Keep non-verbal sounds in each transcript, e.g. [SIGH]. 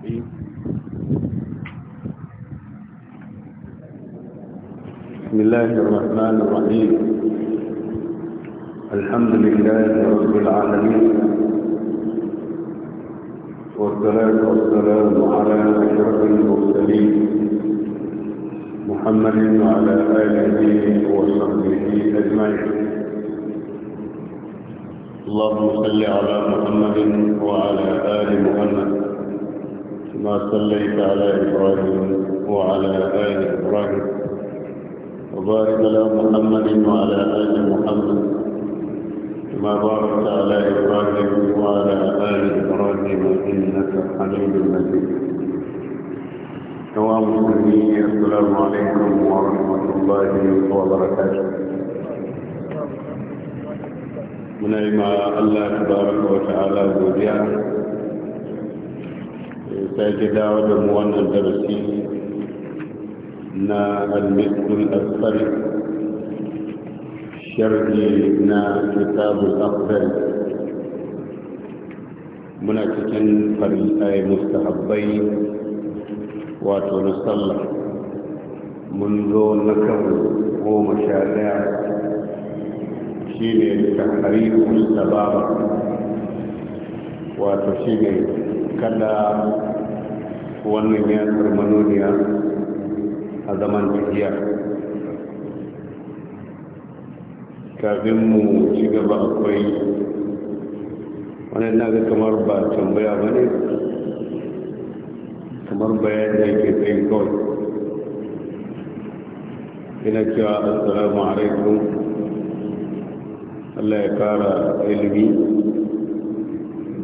الرحيم بسم الله الرحمن الرحيم الحمد لله رب العالمين والصلاة والسلام على أشرف المرسلين محمد وعلى آله وصحبه أجمعين اللهم صل على محمد وعلى آل محمد ما صليت على إبراهيم وعلى آل إبراهيم وبارك على محمد وعلى آل محمد كما باركت على إبراهيم وعلى آل إبراهيم إنك حميد مجيد نوام المسلمين السلام عليكم ورحمة الله وبركاته من الله تبارك وتعالى وديعه sake dawo da mu wannan darasi na al-miskul asfar sharhi na kitabul akhdar muna cikin farisai mustahabbai wato na sallah mun zo na kan goma sha daya shi ne tahariru sababa wato shi ne kada wannan ya manoniya a zaman tafiya kafin mu ci gaba akwai wani na ga kamar ba tambaya ba ne kamar bayan da ke tsayin kawai ina cewa assalamu alaikum allah ya kara ilimi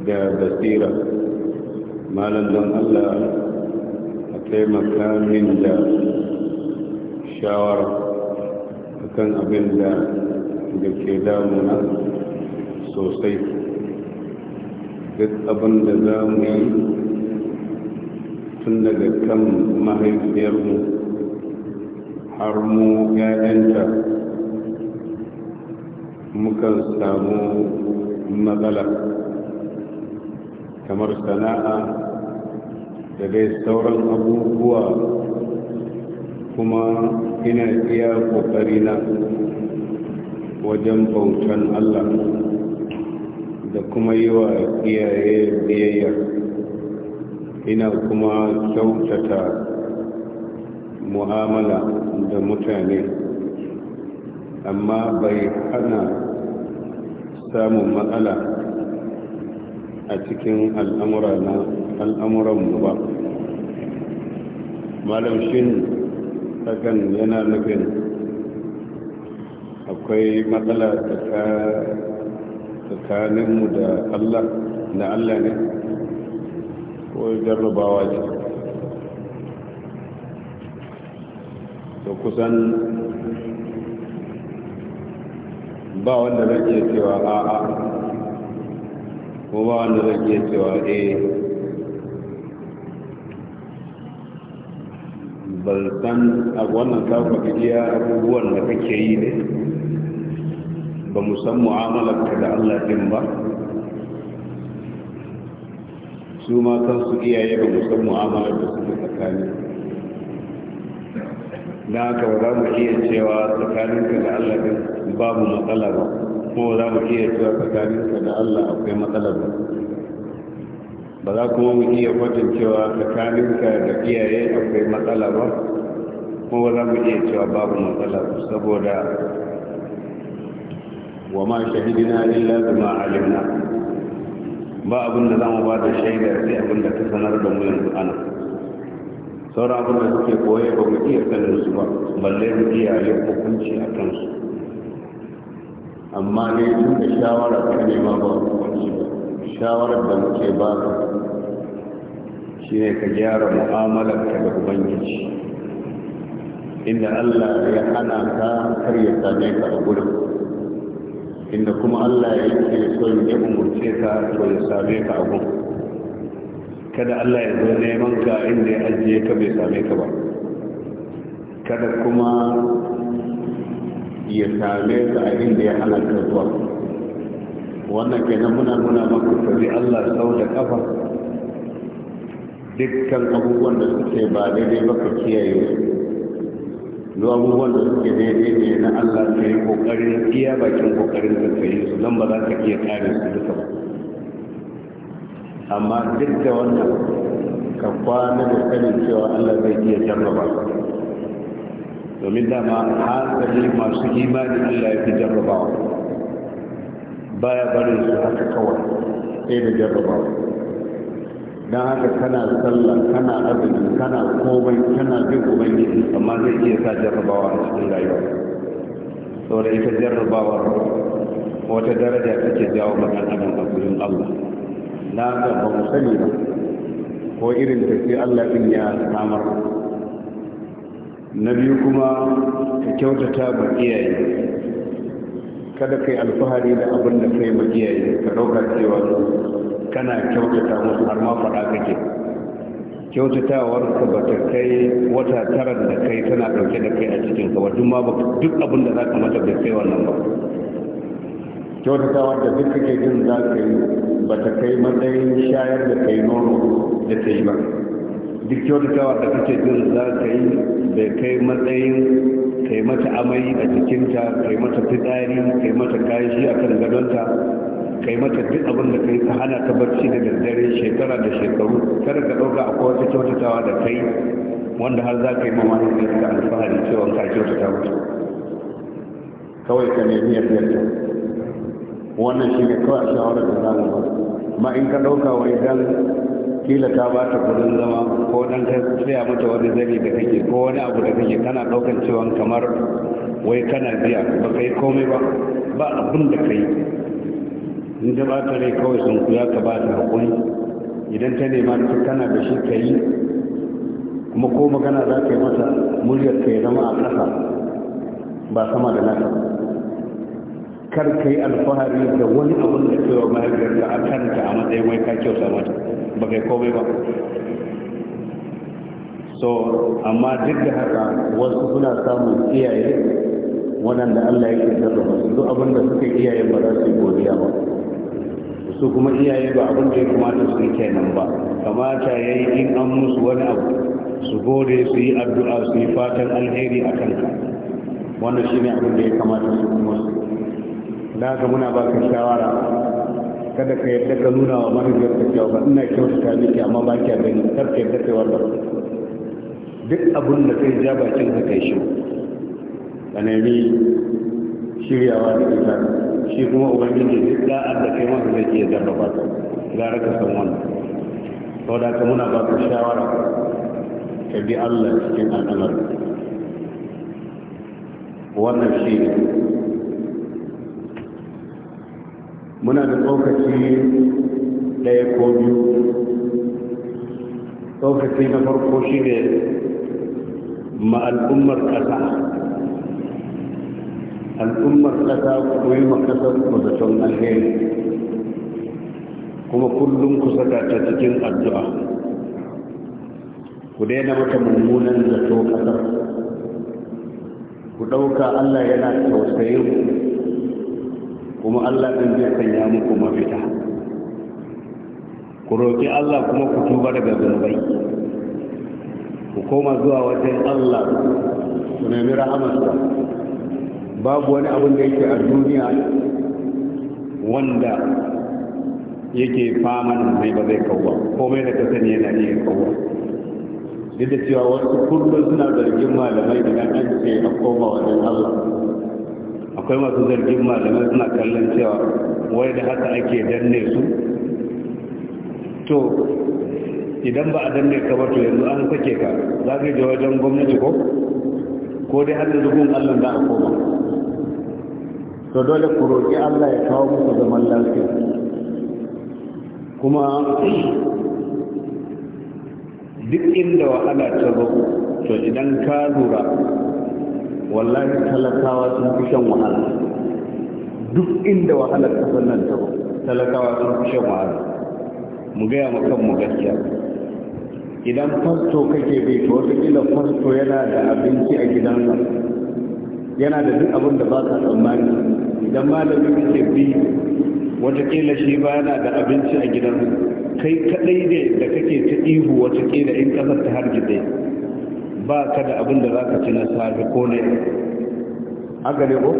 da basira malam don allah taimaka min da shawar akan abin da da ke damuna sosai duk abin da za mu yi tun daga kan mahaifiyarmu har mu yayanta mukan samu matsala kamar sana'a daga sauran abubuwa kuma ina iya na wajen bautan Allah da kuma yi wa iyaye biyayya ina kuma kyautata mu'amala da mutane amma bai hana samun matsala a cikin al'amura na al'amuranmu ba malam hakan yana nufin akwai matsala tsakaninmu da allah da allah ne ko jarrabawa ce to kusan ba wanda zai iya cewa a'a ko ba wanda zai iya cewa a'a eh. ban san a wannan kafa iya abubuwan da kake yi ne ba mu san mu'amalarka da Allah din ba su ma kansu iyaye ba mu san mu'amalar da suke tsakani na haka ba za mu iya cewa tsakaninka da Allah din babu matsala ba kuma za mu iya cewa tsakaninka da Allah akwai matsala ba ba za kuma mu iya kwatin cewa tsakaninka da iyaye akwai matsala ba kuma ba za mu iya cewa babu matsala ba saboda wa ma shahidina illa bima alimna ba abin da za mu ba da shaida sai abin da ta sanar da mu yanzu ana sauran abin da suke koye ba mu iya sanin su ba balle mu iya yin hukunci a kansu amma ne tun da shawara ta nema ba hukunci shawarar da muke ba shi ne ka gyara mu'amalarka da ubangiji inda allah ya hana ka kar ya same ka a gurin inda kuma allah ya ke son ya umurce ka to ya same ka a gurin kada allah ya zo neman ka inda ya ajiye ka bai same ka ba kada kuma ya same ka a inda ya hana ka zuwa wannan kenan muna muna maka tabi Allah sau da kafa dukkan abubuwan da suke ba daidai ba ka kiyaye duk abubuwan da suke daidai ne na Allah ka yi kokarin iya bakin kokarin ka kai su don ba za ka iya kare su duka ba amma duk da wannan ka kwana da sanin cewa Allah zai iya jarraba ba. domin dama hasali masu imani Allah ya fi jarrabawa baya bari su haka kawai sai da jarrabawa don haka kana sallah kana azumi kana komai kana bin ubangiji amma zai iya sa jarrabawa a cikin rayuwa saboda ita jarrabawar wata daraja take jawo maka adam a gurin allah na haka ba mu sani ba ko irin tafi allah din ya samar na biyu kuma ka kyautata ba iyaye kada kai alfahari da abin da kai yi, ka dauka cewa kana kyautata musu har ma fada kake kyautatawar ka ba ta kai wata tara da kai tana dauke da kai a cikin ka wajen ma duk abin da za ka mata bai kai wannan ba kyautatawar da duk kake jin za ka yi ba ta kai matsayin shayar da kai nono da ta yi ba duk kyautatawar da kake jin za ka yi bai kai matsayin kai mata amai a jikinta, kai mata fitsari kai mata kashi a kan gadonta kai mata duk abin da kai ka hana ta barci da daddare shekara da shekaru kar ka ɗauka a kowace kyautatawa da kai wanda har za ka yi mamman da ka alfahari cewa ka kyautata mata kawai ka nemi yadda wannan shi ne kawai shawarar da za mu ba ma in ka ɗauka wai dan kila ta ba ta kudin zama ko dan ka tsaya mata wani zani da kake ko wani abu da kake kana daukan cewa kamar wai kana biya ba kai komai ba ba abin da kai in da ba ta rai kawai sun kuya ka ba ta hakuri idan ta nema ta kana da shi ka yi kuma ko magana za ka yi mata muryar ka ya zama a ƙasa ba sama da nasa kar ka yi alfahari da wani abin da cewa mahaifiyarka a kanta a matsayin wai ka kyauta mata ba kai komai ba so amma duk da haka wasu suna samun iyaye waɗanda Allah yake sarrafa su duk abin da suka iyaye ba za su yi godiya ba su kuma iyaye ba abin da ya kamata su yi kenan ba kamata ya yi in an musu wani abu su gode su yi addu'a su yi fatan alheri a ka wannan shi ne abin da ya kamata su kuma su da haka muna baka shawara kada ka yadda ka nuna wa mahaifiyar ka kyau ba ina kyautata miki amma ba kya gani kar ka yadda kai wannan duk abun da kai ja bakin ka kai shi ka nemi shiryawa da ita shi kuma ubangiji duk da'ar da kai masa zai iya jarraba ta gara ka san wannan da ka muna ba ka shawara ka bi Allah cikin al'amari wannan shi ne muna da tsokaci ɗaya ko biyu tsokaci na farko shi ne ma'al'ummar ƙasa al'ummar ƙasa ku yi makasar kusaton alheri kuma kullum ku saka ta cikin addu'a ku daina mata mummunan zato ƙasar ku ɗauka allah yana tausayin ku kuma Allah ɗin zai sanya muku mafita ku roƙi Allah kuma ku tuba daga zunubai ku koma zuwa wajen Allah ku nemi rahamarsa babu wani abin da yake a duniya wanda yake faman mai ba zai kawo komai da ka sani yana iya kawo duk da cewa wasu kullum suna zargin malamai idan an ce a koma wajen Allah akwai masu zargin malamai suna kallon cewa wai da haka ake danne su to idan ba a danne ka ba to yanzu an sake ka za ka je wajen gwamnati ko ko dai har da dukkan allah da a koma to dole ku roƙi allah ya kawo muku zaman lafiya kuma duk inda wahala ta zo to idan ka lura wallahi talakawa sun fi shan wahala duk inda wahalar kasar nan ta talakawa sun fi shan wahala mu gaya ma kanmu gaskiya idan fasto kake bai to kila fasto yana da abinci a gidansa yana da duk abin da ba ka tsammani idan malami kake bi kila shi ba yana da abinci a gidansa kai kaɗai ne da kake ta ihu kila in ƙasar ta dai ba ka da abin da za ka ci na safe ko ne haka ne ko?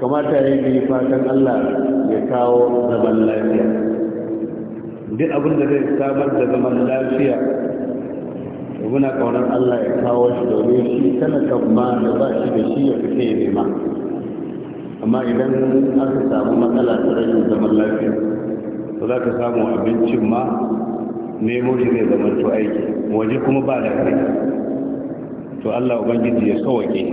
kamata ya yi fatan Allah ya kawo zaman lafiya duk abin da zai samar da zaman lafiya da muna kaunar Allah ya kawo shi domin shi talakan ma da ba shi da shi ya fice ya nema amma idan aka samu matsala ta rashin zaman lafiya ba za ka samu abincin ma nemo shi zai zama to aiki waje kuma ba da kare to Allah ubangiji ya sauke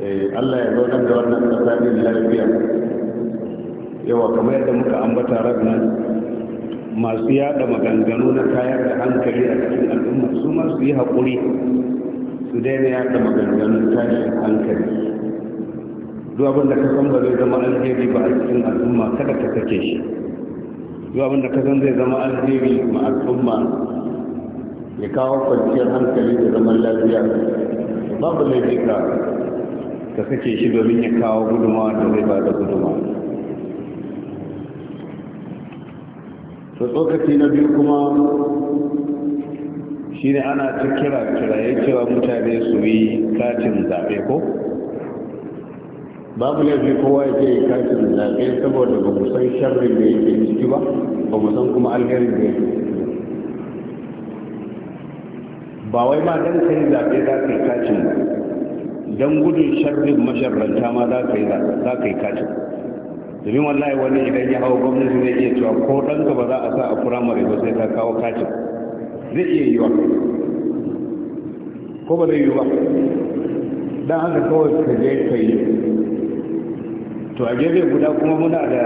eh, Allah ya zaunar da wannan kasa din lafiya yawa kamar yadda muka ambata ragnan masu yada maganganu na kayar da hankali a cikin al'umma su masu yi haƙuri su daina yada maganganun tashin hankali duk abin da ka san ba zai zama alheri ba a cikin al'umma kada ka sake shi duk abin da ka san zai zama alheri ma al'umma ya kawo kwanciyar hankali da zaman lafiya babu laifi ka ka sake shi domin ya kawo guduma da zai ba da guduma to tsokaci na biyu kuma shi ne ana ta kira kiraye cewa mutane su yi katin zaɓe ko babu laifi kowa ya yi katin zaɓe saboda ba mu san sharrin da yake ciki ba ba mu san kuma algarin da yake ba wai ma dan kai zaɓe za ka yi kacin ba don gudun sharrin masharranta ma za ka yi kacin domin wallahi wani idan ya hau gwamnati zai iya cewa ko ɗanka ba za a sa a firamare ba sai ta kawo kacin zai iya yiwa ko ba zai yiwa dan haka kawai ka je ka yi to a gefe guda kuma muna da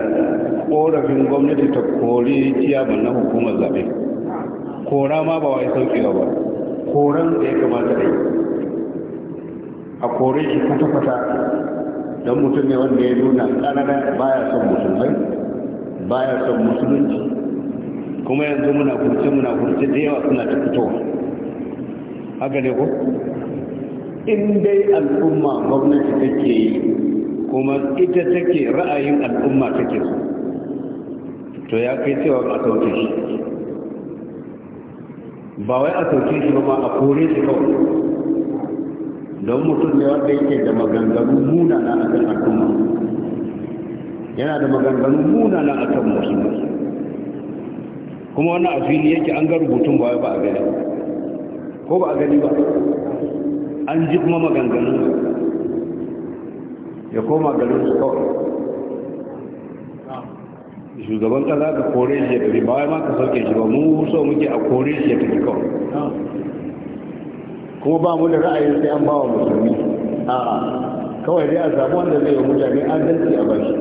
korafin gwamnati ta kori ciyaman na hukumar zaɓe kora ma ba wai sauƙi ba koran da ya kamata da a kore shi kwata-kwata don mutum ne wanda ya nuna kanada baya son musulmai baya son musulunci kuma yanzu muna kurce muna kurce da yawa suna ta fitowa haka ne ku in al'umma gwamnati take yi kuma ita take ra'ayin al'umma take su to ya kai cewa a sauke shi ba wai a sauke shi ba a kore shi kawai don mutum ne wanda yake da maganganu munana a kan al'umma yana da maganganu munana a kan musulmi kuma wannan a fili yake an ga rubutun ba ba a gani ko ba a gani ba an ji kuma maganganu ya koma garin su kawai shugaban kasa ka kore shi ya tafi ba wai ma ka sauke shi ba mu so muke a kore shi ya tafi kawai kuma ba mu da ra'ayin sai an ba wa musulmi a kawai dai a samu wanda zai yi mutane adalci a bashi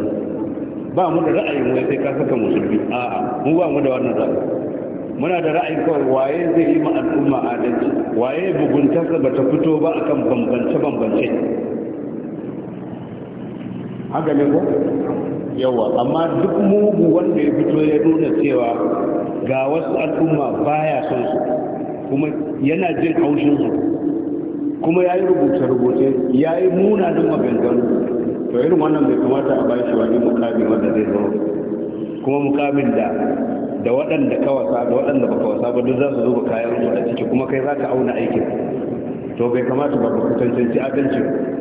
ba mu da ra'ayin wai sai ka saka musulmi a mu ba mu da wannan ra'ayi muna da ra'ayin kawai waye zai yi ma al'umma adalci waye buguntarsa ba ta fito ba akan bambance bambance haka ne ko yawa amma duk mugu wanda ya fito ya nuna cewa ga wasu al'umma baya son su kuma yana jin haushin su kuma ya yi rubuce-rubuce ya yi muna don maganganu to irin wannan bai kamata a bashi wani mukamin wanda zai zo kuma mukamin da da waɗanda ka wasa da waɗanda ka wasa ba duk za su zuba kayan su a ciki kuma kai za ka auna aikin to bai kamata ba ku tantance adalci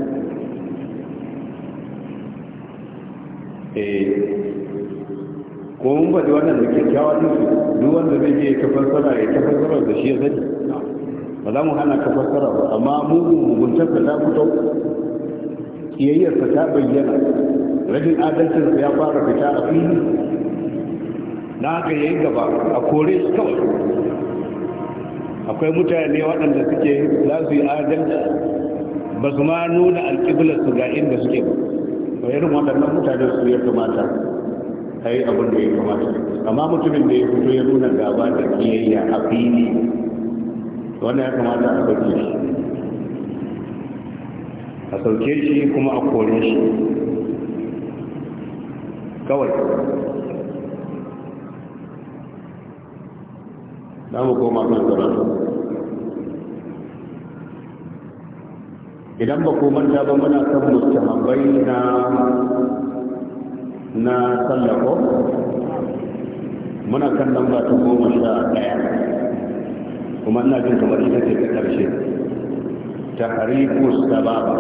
Eh, ko mun ba da wannan da kyakkyawa din duk wanda zai je ka fassara ya ka fassara da shi ya zai ba za mu hana ka fassara ba amma mugun muguntar ka ta ku. kiyayyar ka ta bayyana rashin adalcin ya fara fita a fili na haka yayi gaba a kore su kawai akwai mutane waɗanda suke za su yi adalci ba su ma nuna alƙiblar su ga inda suke ba to irin waɗannan mutane su ya kamata a yi abin da ya kamata amma mutumin da ya fito ya nuna gaba da kiyayya a fili wannan ya kamata a sauke shi a sauke shi kuma a kore shi kawai za mu koma kan karatu idan ba ku manta ba muna kan mustahabbai na na sallako muna kan lamba ta goma sha ɗaya kuma ina jin kamar ita ce ta ƙarshe ta hariku sababa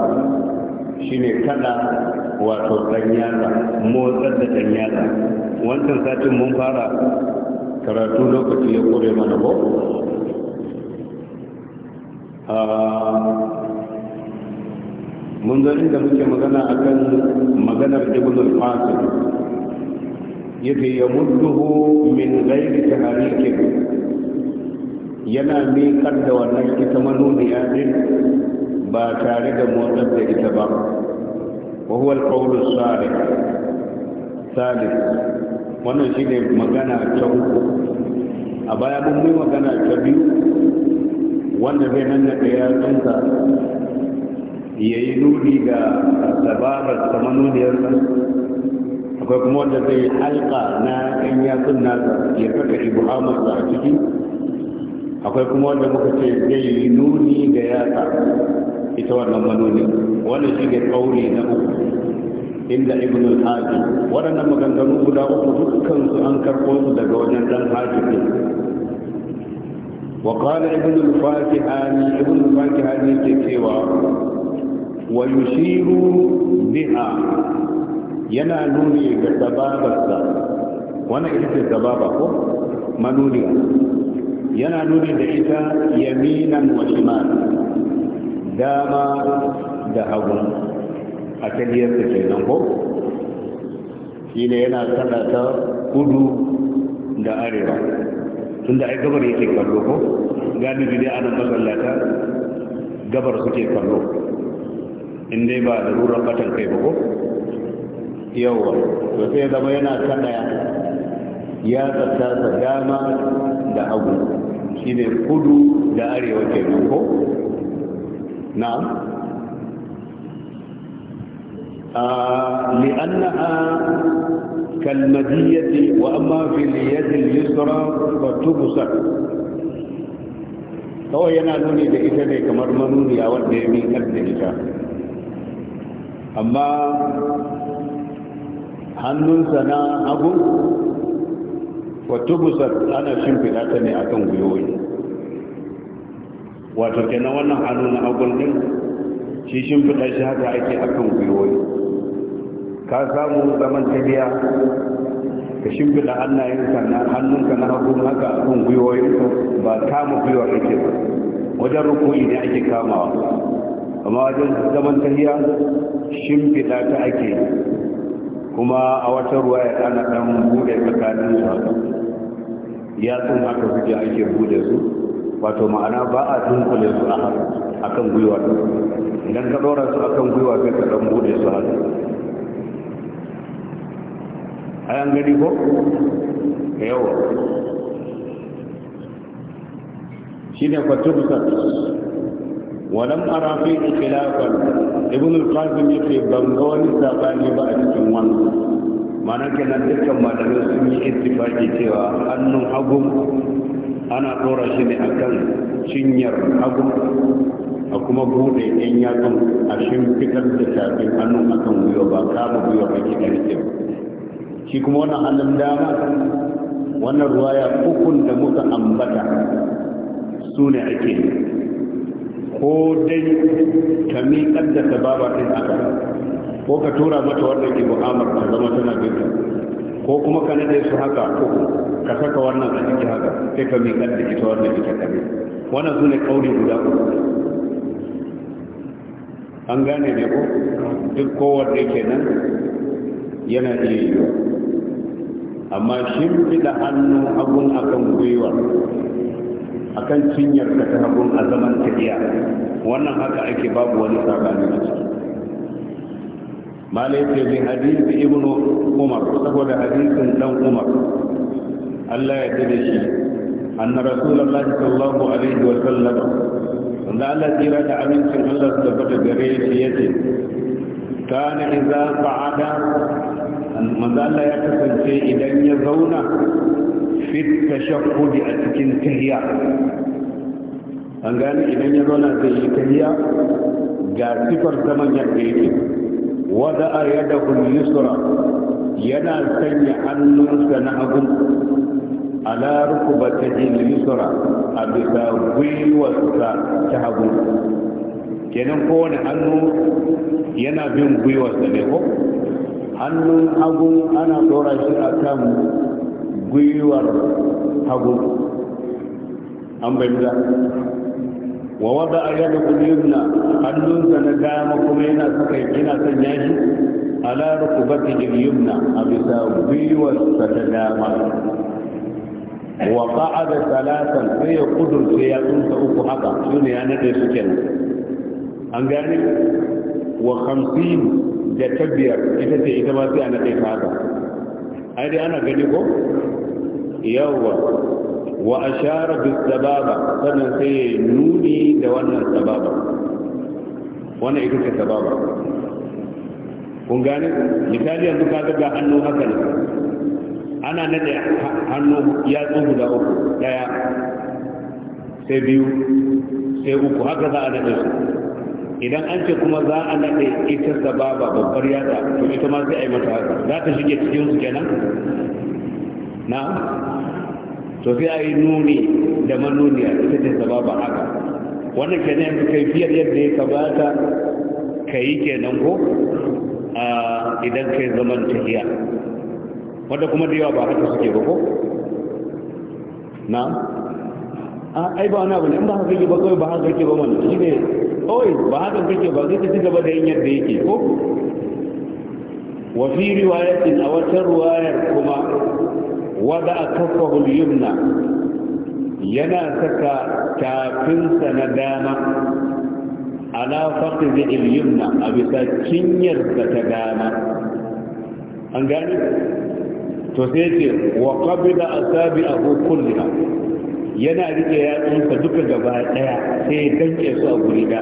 shine kada wato ɗan yatsa motsar da ɗan wancan satin mun fara karatu lokaci ya kore mana ko ah, mun zo inda muke magana akan maganar ibn al-qasim yake yamudduhu min ghairi tahrikin yana miƙar da wannan ita ya din ba tare da motsar da ita ba wa huwa al-qawl as-salih salih wannan shine magana ta uku a baya mun yi magana ta biyu wanda zai nan da ya tsinka ya yi nuni ga dabarar samanuniyarsa akwai kuma wanda zai halka na ɗan yatsun nasa ya saka ibuhamarsa a ciki akwai kuma wanda muka ce zai yi nuni ga yatsa ita wannan manoni wannan shi ga kauli na uku inda ibn al-haji waɗannan maganganu guda uku dukkan su an karɓo su daga wajen dan haji ne wa qala ibn al-fakihani ibn ke wa yushiru biha yana nuni ga sababarsa wannan ita ce sababa ko manuniya yana nuni da ita yaminan wa shimal dama da hagu a tafiyarsa nan ko Shi ne yana sada ta kudu da arewa Tun da ai gabar yake kallo ko galibi dai ana masallata gabar suke kallo in ba da rurar katan kai ba ko yawa to sai zama yana ta daya ya tsatsa dama da hagu shi ne kudu da arewa ke ko na'am لأنها كالمدية وأما في اليد اليسرى فتبصر kawai yana nuni da ita ne kamar manuniya wanda ya miƙar da ita amma hannunsa na hagu wato busar ana shimfiɗa ta ne a kan guyoyi wato na wannan hannun na hagun ɗin shi shimfiɗa shi haka ake a kan guyoyi ka samu zaman tafiya ka shimfiɗa hannayenka na hannunka na hagun haka a kan guyoyi ba kama guyoyi ake ba wajen rukuni ne ake kamawa amma wajen zaman tahiya shimfiɗa ta ake kuma a wata ya ana ɗan buɗe tsakanin su haka tsun haka suke ake buɗe su wato ma'ana ba a dunkule su a haka akan gwiwa idan ka ɗora su akan gwiwa sai ka ɗan buɗe su haka a yan gani ko yawa shi ne kwatubu ولم أرى فيه خلافا ابن القاسم يقول بنغوني ساباني بعد كمان mana kenan dukkan malamai sun yi ittifaki cewa hannun hagu ana dora shi ne akan cinyar hagu a kuma bude yan yatsun a shimfitar da tafin hannun akan gwiwa kama gwiwa ba ke ɗarfe kuma wannan hannun dama wannan ruwaya ukun da muka ambata su ne ake ko dai ta miƙar da baba ɗin a ko ka tura mata wannan ke mu'amar ta zama tana binta ko kuma ka nade su haka ko ka saka wannan a ciki haka sai ka miƙar da ita wannan ita kare wannan su ne ƙauri guda ku an gane ne ko duk kowanne kenan yana iya yiwa amma da hannu abun akan gwiwa akan cinyar ka ta hagun a zaman tafiya wannan haka ake babu wani sabani a ciki malai ce bi hadisi ibnu umar saboda hadisin dan umar Allah ya tada shi anna rasulullah sallallahu alaihi wa sallam wanda Allah tira da amincin Allah da bada gare shi yace kana idza qa'ada manzo Allah ya kasance idan ya zauna fit tashahhudi a cikin tahiya an gani idan ya zauna zai tahiya ga sifar zaman ya yake wada a yada yusra yana sanya hannunsa na hagun ala jin yusra a bisa gwiwarsa ta hagu kenan kowane hannu yana bin gwiwarsa ne ko hannun hagu ana dora shi a kan gwiwar hagu an bayyana wa wada a yadda yunna hannunsa na dama kuma yana saka yana sanya shi ala rukubati yumna a bisa gwiwar ta dama wa qa'ada salatan sai ya kudurce ya tsunta uku haka shine ya nade su kenan an gane wa hamsin da tabiyar ita ce ita ba sai a nade ta haka ai dai ana gani ko yawwa wa ashara bis sababa sannan sai ya nuni da wannan sababa wannan ita ce sababa kun gane misali yanzu ka ga hannu haka ne ana da hannu ya tsugu da uku daya sai biyu sai uku haka za a nade su idan an ce kuma za a nade ita sababa babbar yada to ita ma sai a yi mata haka za ta shige cikin su kenan na to sai a yi nuni da manuniya ita ce sababa haka wannan kenan yanzu kaifiyar yadda ya kamata ka yi kenan ko a idan kai zaman tahiya wanda kuma da yawa ba haka suke ba ko na a ai ba wani abu ne in ba haka kake ba kawai ba haka yake ba wani shi ne kawai ba haka yake ba zai ci gaba da yin yadda yake ko wa fi riwayatin a wata ruwayar kuma wada a kafahu yumna yana saka tafinsa na dama ala faqizi al-yumna a bisa cinyarsa ta dama an gane to sai ce wa qabida asabi'ahu kullaha yana rike yatsunsa duka gaba ɗaya sai danke su a guri da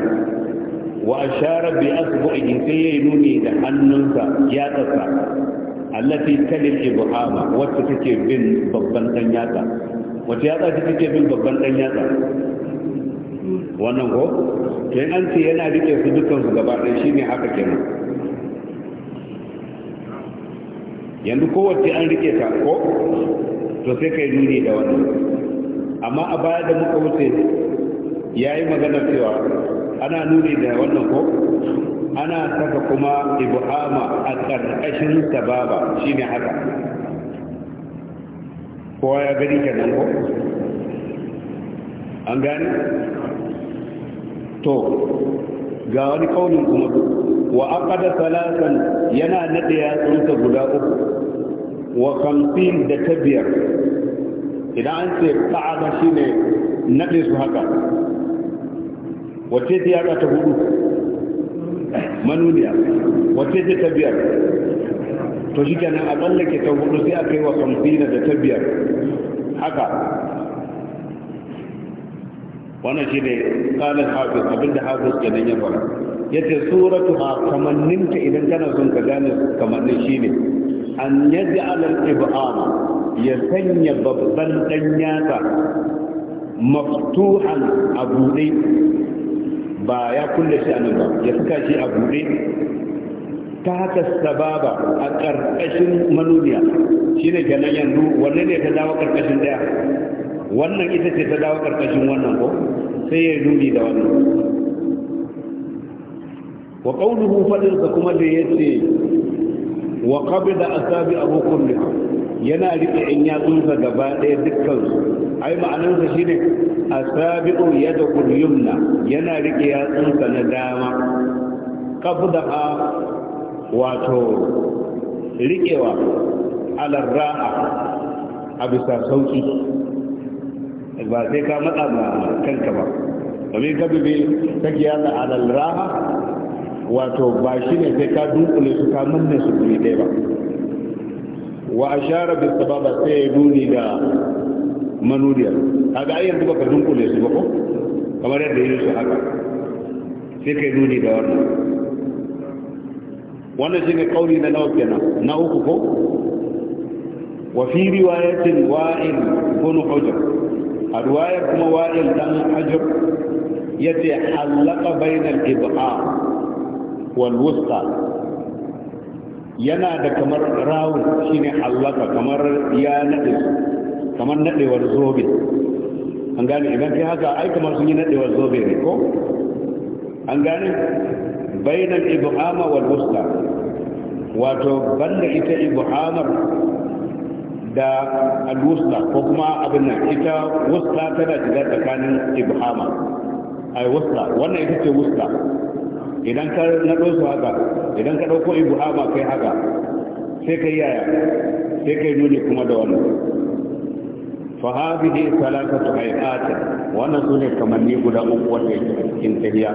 wa ashara bi asbu'ihi sai ya nuni da hannunsa ya tsatsa allati kalil ibhama wacce take bin babban dan yatsa wacce yatsa ce take bin babban dan yatsa wannan ko kin an ce yana rike su dukkan su gaba ɗaya shine haka kenan yanzu kowace an rike ta ko to sai kai nuni da wannan amma a baya da muka wuce ya yi magana cewa ana nuni da wannan ko ana saka kuma ibhama a ƙarƙashin sababa ne haka kowa ya gani nan ko an gani to ga wani kaunin kuma wa aqada salatan yana nade yatsunsa guda uku wa kamfin da ta biyar idan an ce shi ne nade su haka wace ta yaka ta hudu manuniya wacce ce ta biyar to shi kenan a tsallake ta hudu sai a kai wa kamfina da ta biyar haka wannan shi ne tsanin hafiz abinda hafiz kenan ya fara ya ce suratu ha kamanninta idan kana son ka gane kamannin shi ne an yadda alal ibama ya sanya babban ɗan yatsa maftuhan a buɗe ba ya kulle shi a nan ba ya saka shi a buɗe ta haka sababa a ƙarƙashin manuniya shine gana yanzu wanne ne ta dawo ƙarƙashin ɗaya wannan ita ce ta dawo ƙarƙashin wannan ko sai ya yi da wannan wa ƙaunuhu faɗinsa kuma da ya ce wa ƙabida asabi abu kullum yana riƙe in ya tsunsa gaba ɗaya dukkansu ai ma'anarsa shine asabi'u yadakul na, yana riƙe tsunsa na dama da ha, wato riƙewa alarra'a a bisa sauki ba sai ka matsa ma kanka ba domin ka bibi kake yatsa alarra'a wato ba shi ne sai ka dunkule su ka manne su kuri ɗaya ba wa ashara bis sababa sai ya nuni da manuriyar kaga ai yanzu baka dunkule su ba ko kamar yadda yin su haka sai kai nuni da wannan wannan shine kauli na nawa kenan na uku ko wa fi riwayatin wa'il ibn hujr a riwayar kuma wa'il dan hajr yace halaka bainal ibha wal wusta yana da kamar rawun shine allaka kamar ya nade kamar nadewar zobe an gane idan kai haka ai kamar sun yi nadewar zobe ne ko an gane bainal ibhama wal wusta wato banda ita ibhamar da al-wusta ko kuma abin nan ita wusta tana shiga tsakanin ibhama ai wusta wannan ita ce wusta idan ka naɗo su haka idan ka ɗauko ibu hama kai haka sai ka yaya sai ka nuni kuma da wannan fahadihi salatatu hayata wannan sune kamanni guda uku wanda yake cikin tahiya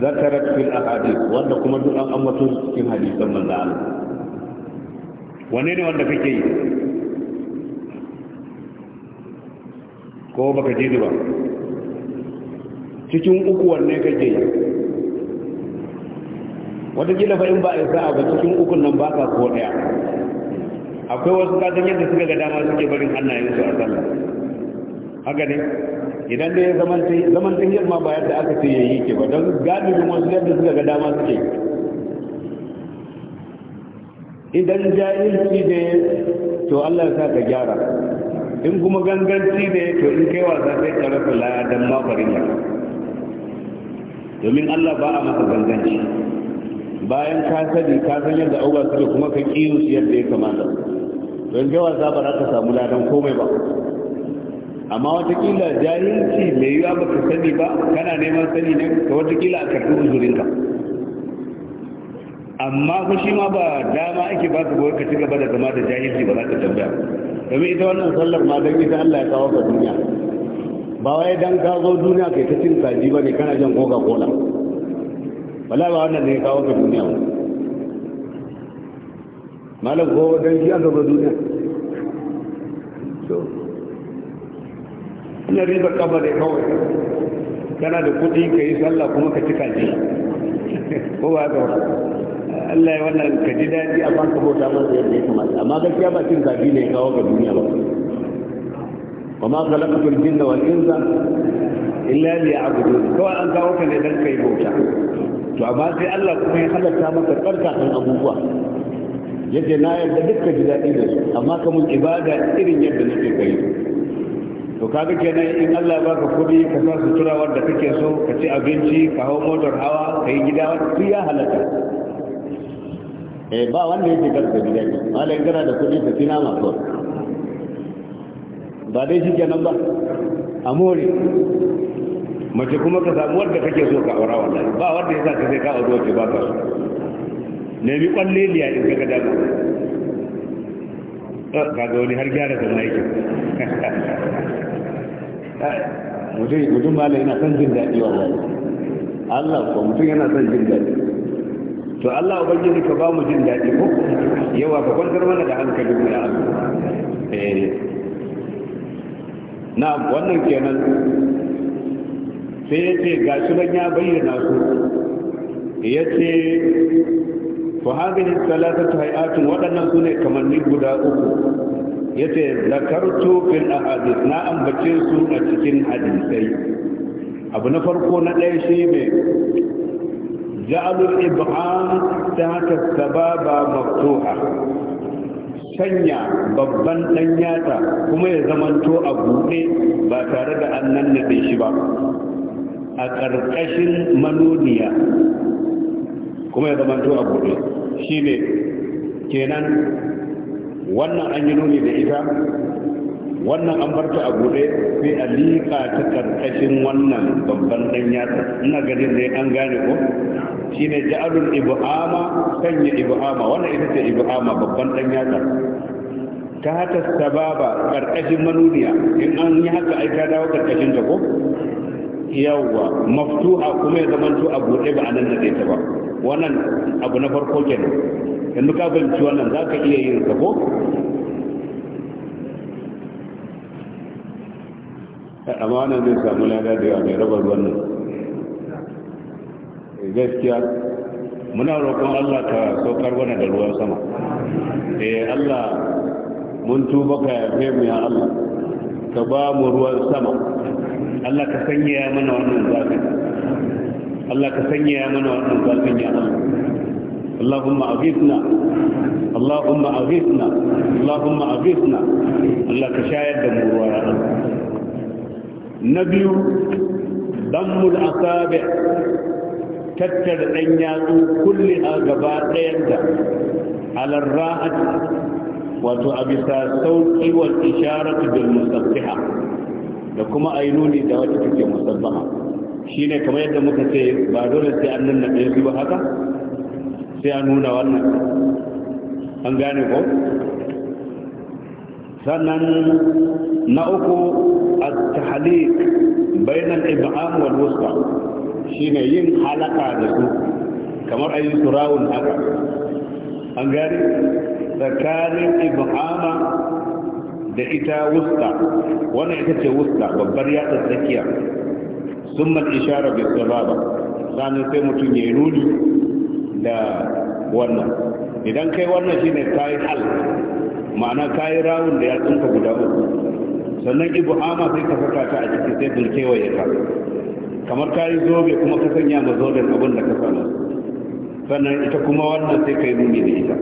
zakarat fil ahadith wanda kuma duk an ambato cikin hadisan manzo Allah wanne ne wanda kake yi ko baka ji ba cikin uku wanne kake yi watakila fa in ba a isa a cikin ukun nan ba ka ko daya akwai wasu kasan yadda suka ga dama suke barin hannayensu a sallah haka ne idan da ya zaman tun yamma ba yadda aka ce yayi yi ke ba don galibin wasu yadda suka ga dama suke idan jahilci ne to Allah ya sa ka gyara in kuma ganganci ne to in kai wasa sai ka rasa laya don mafarin domin Allah ba a masa ganganci bayan ka sani ka san yadda abubuwa suke kuma ka kiyu su yadda ya kamata don jawar wasa ba za ka samu ladan komai ba amma watakila jahilci mai yiwa ba ka sani ba kana neman sani ne ka watakila a uzurin uzurinka amma ku shi ma ba dama ake ba ka goyi ka ci gaba da zama da jahilci ba za ka tambaya domin ita wannan sallar ma don ita Allah ya kawo ka duniya ba wai dan ka zo duniya kai ta cin kaji ba ne kana jan koka kola. wala ba wannan ne kawo ka duniya ba malam ko wajen shi aka ba duniya to ina riba kama ne kawai kana da kudi ka yi sallah kuma ka ci ne [LAUGHS] ko ba haka Allah ya wannan ka ji daɗi a banka bauta masa yadda ya kamata amma gaskiya ba cin zafi ne kawo ka duniya ba وما خلقت الجن والإنس إلا ليعبدون سواء أنت أو كان إذا كيف to amma sai Allah kuma ya halatta maka kan abubuwa yadda na yarda dukkan ji daɗi da su amma ka mun ibada irin yadda nake kai to kaga kenan in Allah baka kuɗi ka sa sutura wanda kake so ka ci abinci ka hau motar hawa ka yi gida su ya halatta eh ba wanda yake karka ji daɗi malam kana da kuɗi ka ci nama kawai ba dai shi kenan ba Amori. mace kuma ka samu wadda kake so ka aura wallahi ba wanda ya ka sai ka aure wacce ba ka so bi kwalle liya in ka ka ah, ka ga wani har gyara zama yake [LAUGHS] mutum mutum ma yana son jin daɗi wallahi Allah ko mutum yana son jin daɗi to Allah ubangiji ka ba mu jin daɗi ko yawa ka kwantar mana da hankali mu ya Allah eh na wannan kenan sai ya ce ga shi ban ya bayyana su ya ce fa salata ta hay'atun waɗannan su ne kamanni guda uku ya ce zakartu fil ahadith na ambace su a cikin hadisai abu na farko na ɗaya shi ne ja'alul ibham ta haka sababa maftuha sanya babban ɗan kuma ya zamanto a buɗe ba tare da an nannaɗe shi ba a ƙarƙashin manoniya kuma ya to a buɗe shi ne kenan wannan an yi nuni da ita wannan an bar ta a buɗe sai a liƙa ta ƙarƙashin wannan babban ɗan yatsa ina ganin ne an gane ko shi ne ja'alun ibu'ama sanya ibu'ama wannan ita ce ibu'ama babban ɗan yatsa ta hata sababa ƙarƙashin manuniya in an yi haka aika dawo ƙarƙashin ta ko yawwa maftuha kuma ya zamanto a buɗe ba a nan nade ta ba wannan abu na farko kenan yanzu ka fahimci wannan za ka iya yin sa ko amma wannan zai samu lada da yawa mai rabar wannan eh, gaskiya muna roƙon Allah ka saukar wani da ruwan sama eh Allah mun tuba ka yafe mu ya Allah ka ba mu ruwan sama Allah ka sanya mana wannan zafin Allah ka sanya mana wannan zafin ya Allah اللهم أغثنا اللهم أغثنا اللهم أغثنا الله كشاهد دمورا نبي ضم الأصابع تتر أن يأتوا كلها غباء على الراحة وتؤبس الصوت والإشارة بالمستفتحة da kuma a yi nuni da wata take musabbaha shi ne kamar yadda muka ce ba dole sai an nuna ɗaya su ba haka sai an nuna wannan an gane ko sannan na uku a tahalik bayanan ibam wal wusta shi ne yin halaka da su kamar a yi surawun haka an gane tsakanin ibama da ita wusta wannan ita ce wusta babbar yatsa tsakiya sun mace ishara bai sababa sanin sai mutum ya yi nuni da wannan idan kai wannan shine kayi hal ma'ana kayi rawun da ya tsinka guda uku sannan ibu ama sai ka saka ta a ciki sai sun kewaye ta kamar kayi zobe kuma ka sanya ma zoben abin da ka sanar sannan ita kuma wannan sai kai nuni da ita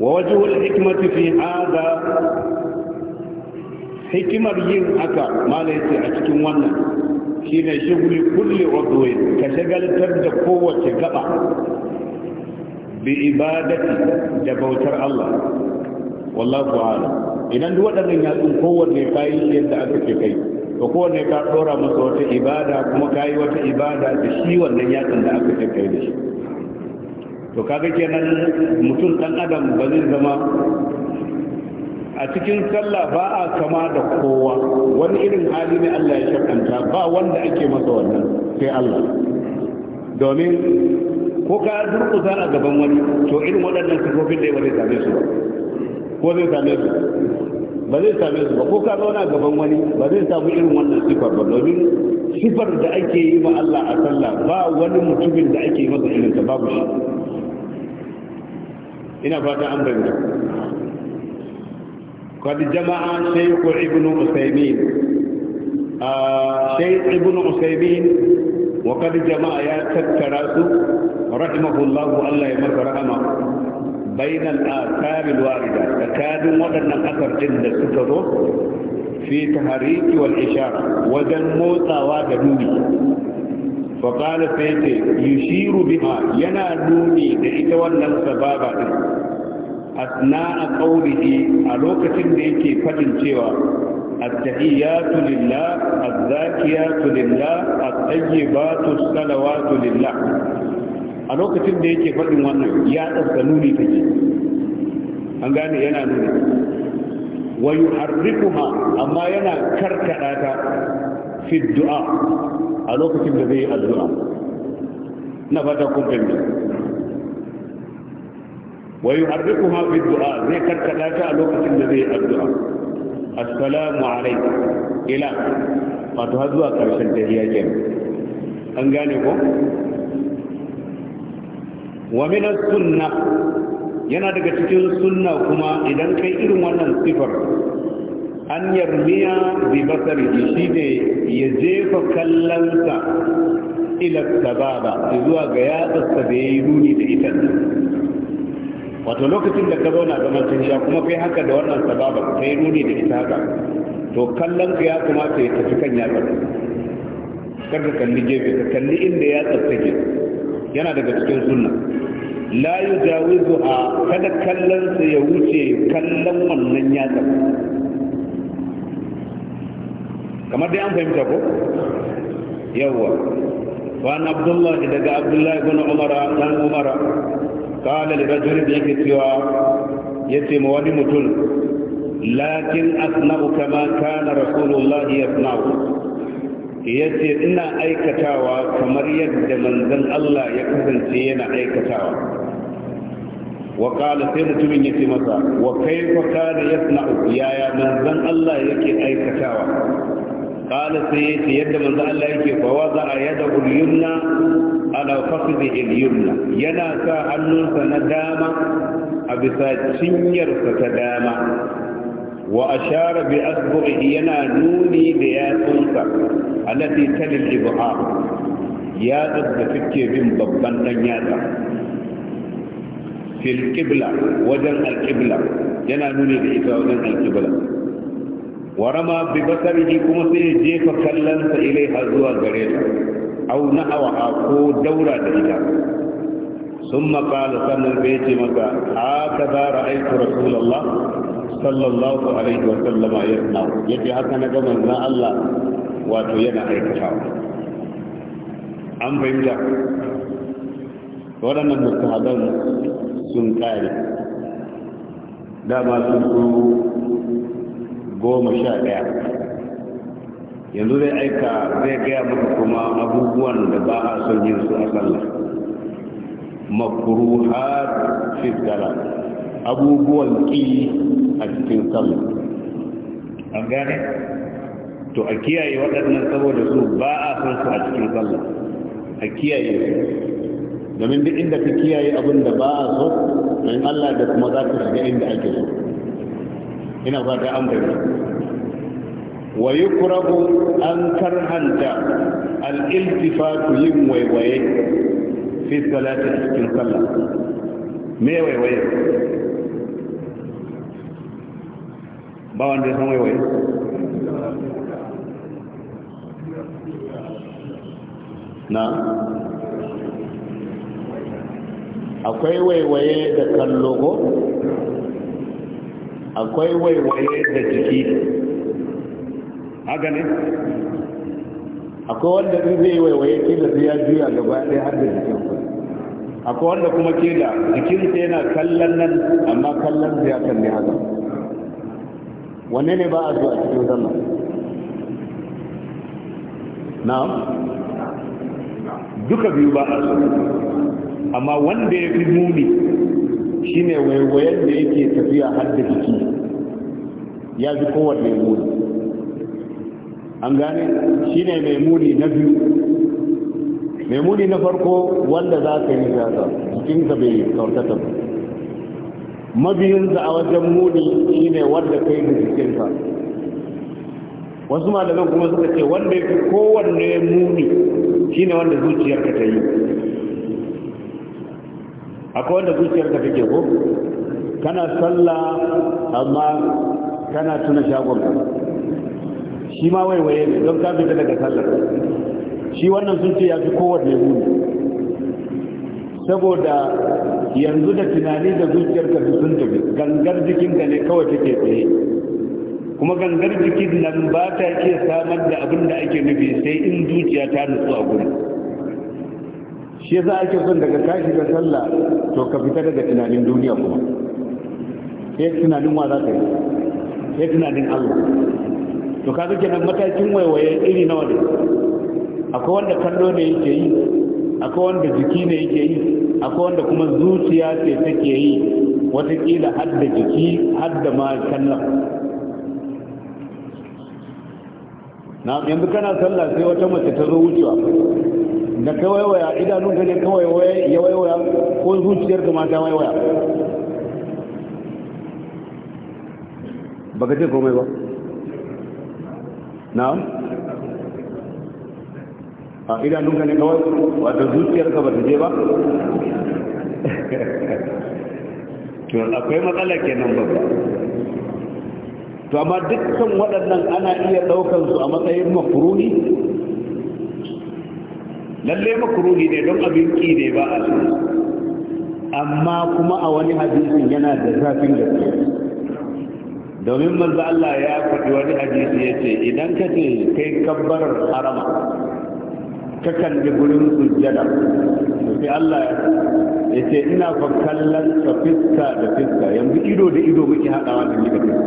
ووجه الحكمة في هذا hikimar yin haka mala yace a cikin wannan shine shuguli kulli udwi ka shagaltar da kowace gaba bi ibadati da bautar Allah wallahu ta'ala idan duk waɗannan yatsun kowanne kai yadda aka ce kai to kowanne ka dora masa wata ibada kuma kayi wata ibada da shi wannan yatsun da aka ce kai da shi to kaga kenan mutum dan adam ba zai zama a cikin sallah ba a kama da kowa wani irin hali ne Allah ya shakanta ba wanda ake masa wannan sai Allah domin ko ka durkusa a gaban wani to irin waɗannan sifofin da ba zai same su ba ko zai same su ba zai same su ba ko ka zauna gaban wani ba zai samu irin wannan sifar ba domin sifar da ake yi ma Allah a sallah ba wani mutumin da ake yi masa irin ta babu shi ina fata an bayyana kwadi jama'a sai ko ibnu usaymin a sai ibnu usaymin wa jama'a ya tattara su rahimahullahu allah ya marka rahama bainal asabil warida takadin wadannan asar din da suka zo fi tahriki wal ishara wajen motsawa da duni faƙala sai ce yushiru biha yana nuni da ita wannan sababa din asna a ƙaurihi a lokacin da faɗin cewa التحيات لله الزاكيات لله الطيبات الصلوات لله a lokacin da yake faɗin wannan ya ɗauka nuni take an gane yana nuni amma yana karkada fi du'a a lokacin da zai yi addu'a na fata kun fahimta wa yuharrikuha fi du'a zai karkata ta a lokacin da zai yi addu'a assalamu alaikum ila wato har zuwa karshen ya ke an gane ko wa min as-sunnah yana daga cikin sunna kuma idan kai irin wannan sifar an yarmiya bi shi ne ya jefa kallonsa ila sababa zuwa ga yatsarsa da ya yi nuni da ita wato lokacin da ka zauna zaman sha kuma kai haka da wannan sababa ka yi nuni da ita haka to kallon ka ya kamata ya tafi kan yatsa? kar ka kalli gefe ka kalli inda yatsar take yana daga cikin sunna la yujawizu a kada kallon sa ya wuce kallon wannan yatsar kamar dai an fahimta ko yawwa wa an abdullahi daga abdullahi ibn umara dan umara qala li rajulin da yake cewa yace ma wani mutum lakin asna'u kama kana rasulullahi yasna'u yace ina aikatawa kamar yadda manzon Allah ya kasance yana aikatawa wa qala sai mutumin yace masa wa kaifa kana yasna'u yaya manzon Allah yake aikatawa qala sai yace yadda manzo Allah yake fa waza yadahu al-yumna ala fakhdi al yana sa hannunsa na dama a bisa cinyarsa ta dama wa ashara bi asbu'ihi yana nuni da yatsunsa allati talil ibha ya da take bin babban dan yatsa fil qibla wajen al-qibla yana nuni da ita wajen al-qibla warama bi basarihi kuma sai ya jefa kallonsa ilaiha zuwa gare ta au na ko daura da ita sun makala sannan sai ya ce maka haka za ra'aitu rasulallah sallallahu alaihi wa sallama ya haka na gama manzan Allah wato yana aikatawa an fahimta waɗannan mustahadan sun kare goma sha ɗaya yanzu zai aika zai gaya maka kuma abubuwan da ba a son yin su a sallah makruhat fi salat abubuwan ki a cikin sallah an gane to a kiyaye waɗannan saboda su ba a son su a cikin sallah a kiyaye domin duk inda ka kiyaye abin da ba a so in Allah da kuma za ka shiga inda ake so ina ba da amfani wa yukrahu an karhanta al-iltifatu yin waiwaye fi salati cikin sallah me waiwaye ba wanda san waiwaye na akwai waiwaye da kallo ko akwai waiwaye da jiki haka ne akwai wanda zai waiwaye kila sai ya juya gaba ɗaya har da jikin akwai wanda kuma kila jikinsa yana kallon nan amma kallon zai ya kalli haka wanne ne ba a zuwa cikin zama na duka biyu ba a zuwa amma wanda ya fi muni shine waiwayen da yake tafiya har da jiki ya fi kowanne muni an gane shi ne mai muni na biyu mai muni na farko wanda za ka yi zaza jikinka bai kautata ba za a wajen muni shi ne wanda ka yi da jikinka wasu malaman kuma suka ce wanda ya fi kowanne muni shi ne wanda zuciyarka ta yi akwai wanda zuciyarka take ko kana sallah amma kana tuna shagon shi ma waiwaye ne don ka fita daga sallar shi wannan sun ce ya fi kowanne gudu saboda yanzu da tunani da ka su sun tafi gangar ka ne kawai take tsaye kuma gangar jikin nan ba ta iya samar da abin da ake nufi sai in zuciya ta nutsu a guri shi yasa ake son daga tashi ga sallah to ka fita daga tunanin duniya kuma sai tunanin wa za ka yi sai tunanin Allah to zuke nan matakin waiwaye iri nawa ne akwai wanda kallo ne yake yi akwai wanda jiki ne yake yi akwai wanda kuma zuciya ce take yi watakila har da jiki har da ma kallon na yanzu kana sallah sai wata mace ta zo wucewa da ka waiwaya idanun ka ne kawai ya waiwaya ko zuciyar ka ma ta waiwaya ba ka ce komai ba na a idanunka ne kawai wata ka ba ta je ba [LAUGHS] to akwai matsala kenan babba to amma dukkan waɗannan ana iya ɗaukar su a matsayin makuruni lalle makuruni ne don abin ki ne ba a amma kuma a wani hadisin yana da zafin gaske domin manzo Allah ya faɗi wani hadisi ya ce idan ka ce kai kabbar harama ka kalli gurin sujjada sai Allah ya ce ina fa kallon ka fiska da fiska yanzu ido da ido muke haɗawa da ni kafin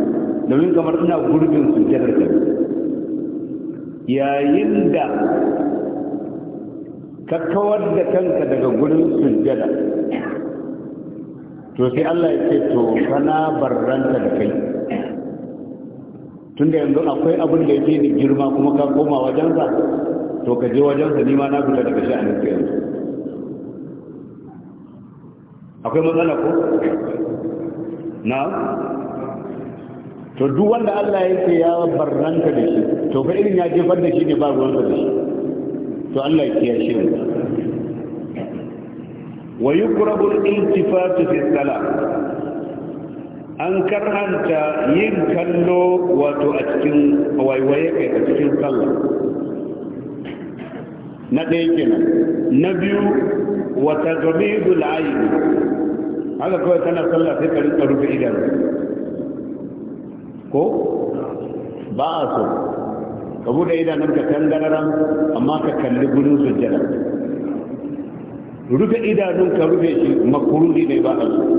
domin kamar ina gurbin sujjadar ka yayin da ka kawar da kanka daga gurin sujjada to sai Allah ya ce to kana barranta da kai tunda yanzu akwai abin da yake ni girma kuma ka koma wajensa to ka je wajensa ni ma na fita daga a nan kai akwai matsala ko na to duk wanda Allah ya ya barranta da shi to fa irin ya jefar da shi ne ba ruwan da shi to Allah ya shi wa yukrabu al-iltifatu fi salat an karanta yin kallo wato a cikin waiwaye kai a cikin sallah na ɗaya kenan na biyu wata gamidul aini haka kawai kana sallah sai ka rinka rufe idan ko ba a so ka bude idanun ka tangararan amma ka kalli gudun sujjada rufe idanun ka rufe shi makuruni ne ba a so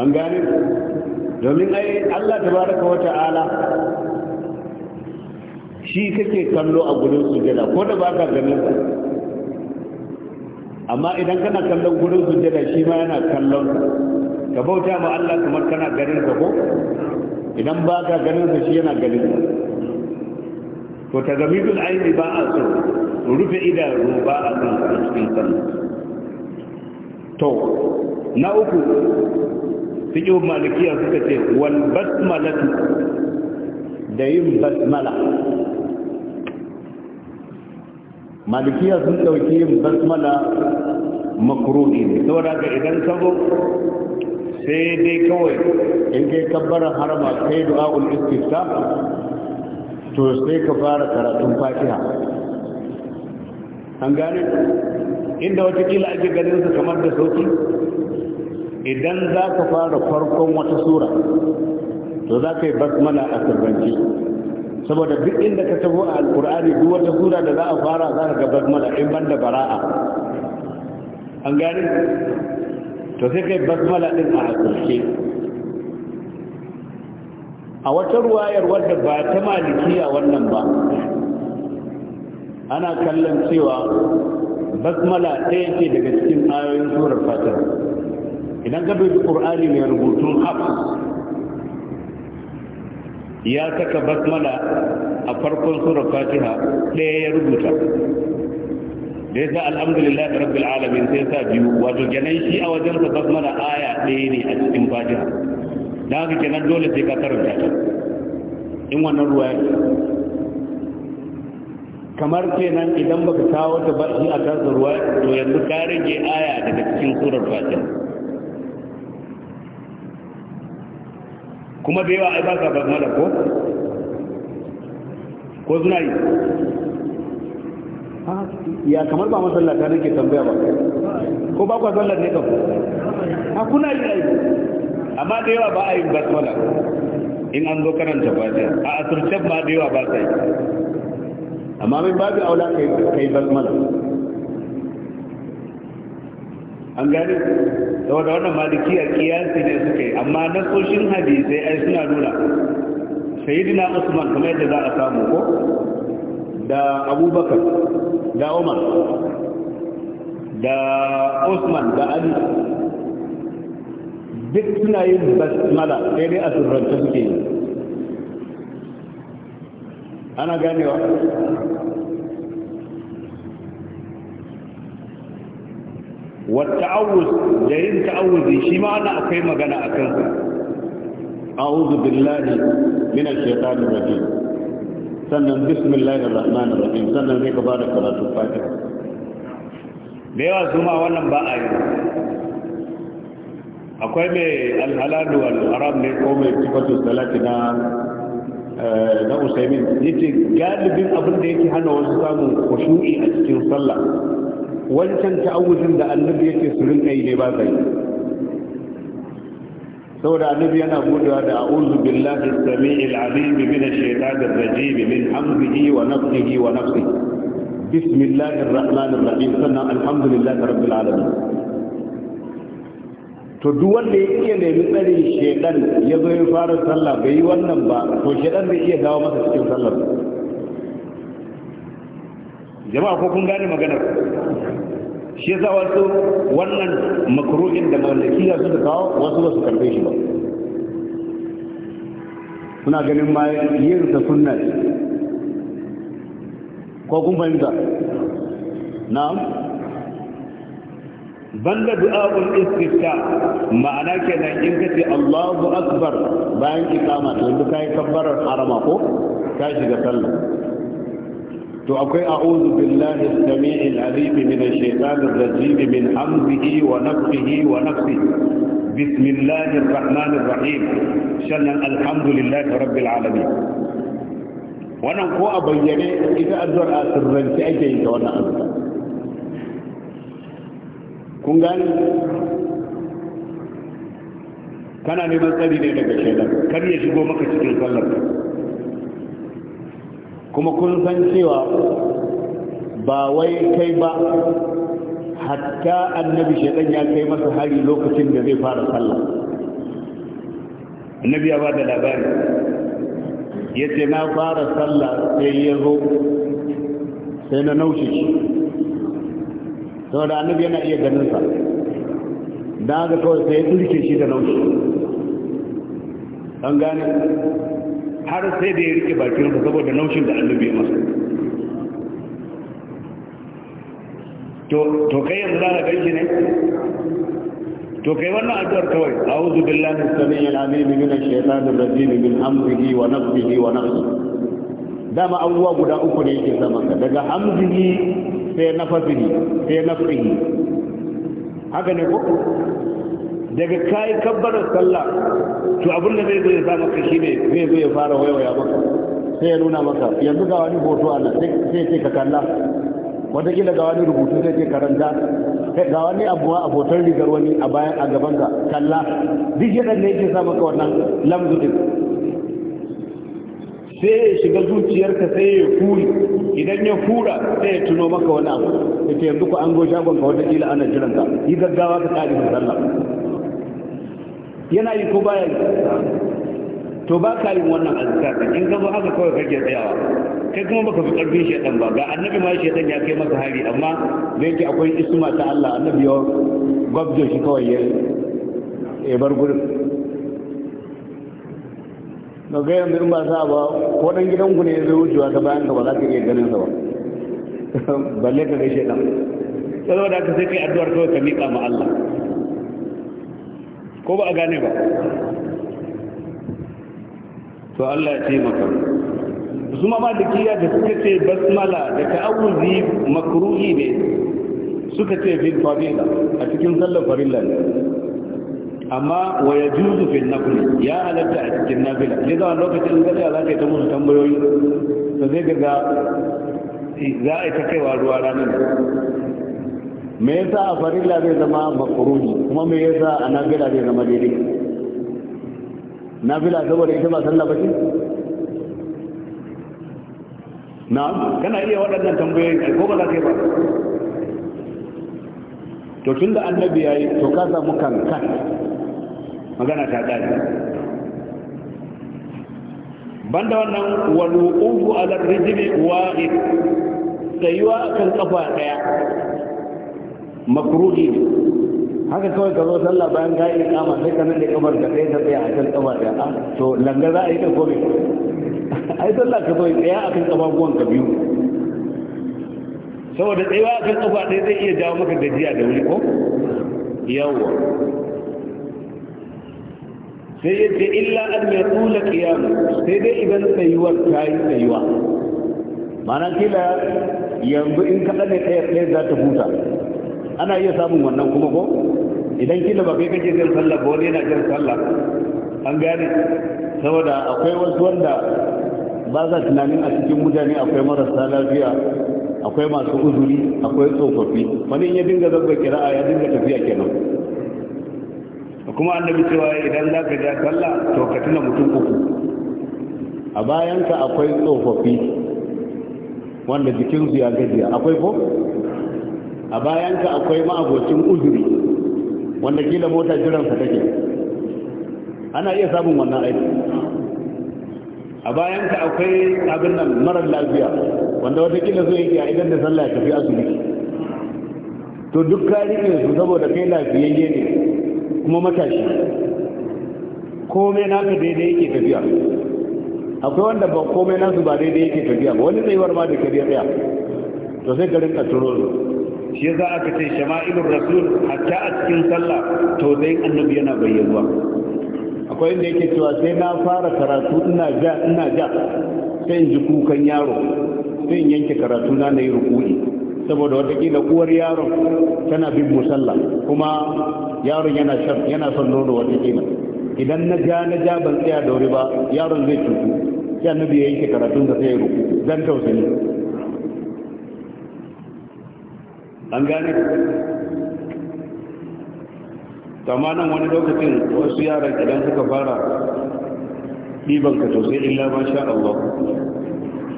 an gane domin ai Allah tabaraka wa ta'ala shi kake kallo a gurin sujada ko da baka ganin sa amma idan kana kallon gurin sujada shi ma yana kallon ka bauta ma Allah kamar kana ganin sa ko idan baka ganin sa shi yana ganin sa to dun aini ba a so rufe idanu ba a son cikin sallah to na uku fiƙi malikiya suka ce wal basmalatu da yin basmala malikiya sun ɗauki yin basmala makuruni ne saboda ka idan ka zo sai dai kawai in kai kabbaran harama kai du'a'ul istifta to sai ka fara karatun fatiha an gane inda watakila ake ganin su kamar da sauki idan za ka fara farkon wata sura to za ka yi basmala a sirrance saboda duk inda ka tabo a alkur'ani duk wata sura da za a fara za ka ga basmala in ban da bara'a an gani to sai kai basmala din a asirce a wata ruwayar wadda ba ta malikiya wannan ba ana kallon cewa basmala ɗaya ce daga cikin ayoyin surar fatar idan ka da qur'ani mai rubutun haf ya saka basmala a farkon sura fatiha ɗaya ya rubuta da ya sa alhamdulillah da rabbil alamin sai sa biyu wato ganin shi a wajen sa basmala aya ɗaya ne a cikin fatiha da haka kenan dole sai ka karanta ta in wannan ruwa ya kamar kenan idan baka kawo ta ba shi a tasar ruwa to yanzu ka rage aya daga cikin surar fatiha kuma da yawa ai ba sa da ko ko suna yi ah, ya kamar ba masallata nake tambaya ba ko ba kwa sallar ne kan a ah, kuna yi ai amma da yawa ba a yi basmala in an zo karanta fatiha a asirce ma da yawa ba sai amma min babu aula kai kai basmala an gane saboda wannan a kiyasi ne suka yi amma soshin hadisai ai suna nuna sayyidina usman kamar yadda za a samu ko da abubakar da umar da usman da ali duk suna yin basmala sai dai a surrance suke yi ana ganewa والتعوذ جايين تعوذي شي ما انا اكاي مغانا اكن اعوذ بالله من الشيطان الرجيم سنن بسم الله الرحمن الرحيم سنن ka bada الله تبارك da yawa wannan ba ayi akwai me alhalal wal haram ne ko me tibatu salati na eh, na usaimin yace galibin abin da yake hana wasu samun khushu'i a cikin sallah wancan ta'awuzin da annabi yake su rinka yi ne ba sai saboda annabi yana budewa da a'udhu billahi as-sami'il 'alim min ash-shaytanir rajim min hamzihi wa nafthihi wa nafsihi bismillahir rahmanir rahim sannan alhamdulillahi rabbil alamin to duk wanda ya iya nemi tsarin shedan ya zo ya fara sallah bai yi wannan ba to shedan zai iya dawo masa cikin sallar jama'a ko kun gane maganar shi yasa wasu wannan makruhin da ya suka kawo wasu ba su karbe shi ba suna ganin ma yin sa sunna ne ko kun fahimta na'am banda du'a'ul istifta ma'ana kenan in kace Allahu akbar bayan iqama to duka yi kabbarar harama ko ka shiga sallah to akwai a'udhu billahi as-sami'il 'alim min ash-shaytanir rajim min hamzihi wa nafthihi wa nafsihi bismillahir rahmanir rahim sannan alhamdulillahi rabbil alamin wannan ko a bayyane ita addu'ar a sirrance ake yi ta wannan addu'a kun gani kana neman tsari ne daga shaidan kar ya shigo maka cikin sallar kuma kun san cewa ba wai kai ba hatta annabi shaidan ya kai masa hari lokacin da zai fara sallah annabi ya ba da labari ya ce na fara sallah sai ya zo sai na naushe shi saboda annabi yana iya ganin sa da haka kawai sai ya turke shi da naushe an gane har sai da ya rike bakin sa saboda naushin da annabi ya masa to to kai yanzu za ka gaishe ne to kai wannan addu'ar kawai a'udhu billahi as alim min ash-shaytanir rajim min hamzihi wa nafsihi wa nafsihi dama abubuwa guda uku ne yake zama ka daga hamzihi sai nafsihi sai nafsihi haka ne ko daga kayi kabbarar sallah to abin da zai zo ya sa maka shine zai zo ya fara waiwaya maka sai ya nuna maka yanzu ga wani hoto a nan sai ce ka kalla watakila ga wani rubutu sai ce karanta ga wani abu a hoton rigar wani a bayan a gaban ka kalla duk yadda ne yake sa maka wannan lamzudin sai ya shiga zuciyarka sai ya kuri idan ya fura, sai ya tuno maka wani abu sai yanzu ku an go shagon ka watakila ana jiran ka yi gaggawa ka tsari sallah yana yi ko baya yi to ba ka yi wannan azkar in ka zo haka kawai kake tsayawa kai kuma baka fi karfin shedan ba ga annabi ma shedan ya kai masa hari amma da yake akwai isma ta Allah annabi ya gwabjo shi kawai ya e bar gurin daga yanzu in ba sa ba ko dan gidan ku ne ya zo wucewa ta bayan ka ba za ka iya ganin sa ba [LAUGHS] balle ka ga shedan saboda ka sai kai addu'ar kawai ka miƙa ma Allah ko ba a gane ba to Allah ya taimaka su ma malikiya da suka ce basmala da ta'awuzi makruhi ne suka ce fil fadila a cikin sallar farilla ne amma wa yajuzu fil nafil ya halatta a cikin nafila ne zaman lokacin da za ka ta musu tambayoyi to zai ga za a yi ta kaiwa ruwa ranar me yasa a farilla zai zama makaruni kuma me yasa a nabila zai zama daidai nafila saboda ita ba sallah ce na kana iya waɗannan tambayoyi ko ba za ka yi ba to tun da annabi ya yi to ka samu kankan magana ta ƙari banda wannan walu'ufu alar rijimi wa'id tsayuwa kan kafa ɗaya makruhi haka kawai ka zo sallah bayan ka yi kama sai ka nade kamar ka tsaye ta tsaye a kan kamar ya ah, to langa za a yi kan kome [LAUGHS] ai sallah ka zo tsaya a kan kafafuwan ka biyu saboda tsayawa a kan kafa ɗaya zai iya jawo maka gajiya da wuri ko yawwa sai ya ce illa an ya tula kiyamu sai dai idan tsayuwar ta yi tsayuwa mana kila yanzu in kaɗa ne ɗaya ɗaya za ta huta ana iya samun wannan kuma ko idan kila ba kai kake jin sallah ba wani yana jin sallah an gane saboda akwai wasu wanda ba za tunanin a cikin mutane akwai marasa lafiya akwai masu uzuri akwai tsofaffi wani ya dinga zabba kira'a ya dinga tafiya kenan kuma annabi cewa idan za ka ja sallah to ka tuna mutum uku a bayanka akwai tsofaffi wanda jikinsu ya gajiya akwai ko a bayanka akwai ma'abocin uzuri wanda kila mota jiransa take ana iya samun wannan aiki a bayanka akwai abin nan marar lafiya wanda watakila zai yi a idan da sallah ya tafi asibiti to duk ne su saboda kai lafiyayye ne kuma matashi komai naka daidai yake tafiya akwai wanda ba komai nasu ba daidai yake tafiya ba wani tsayuwar ma da kariya to sai ka rinka turo shi yasa aka ce shama'ilur rasul hatta a cikin sallah tausayin annabi yana bayyanuwa akwai inda yake cewa sai na fara karatu ina ja ina ja sai in ji kukan yaro sai in yanke karatu na na yi rukuni saboda watakila uwar yaron tana bin musalla kuma yaron yana shar yana son nono watakila idan na ja na ja ban tsaya da wuri ba yaron zai cutu sai annabi ya yanke karatun da sai ya dan tausayi an gane kama nan wani lokacin wasu yaran idan suka fara ɗiban ka to sai illa ma sha Allah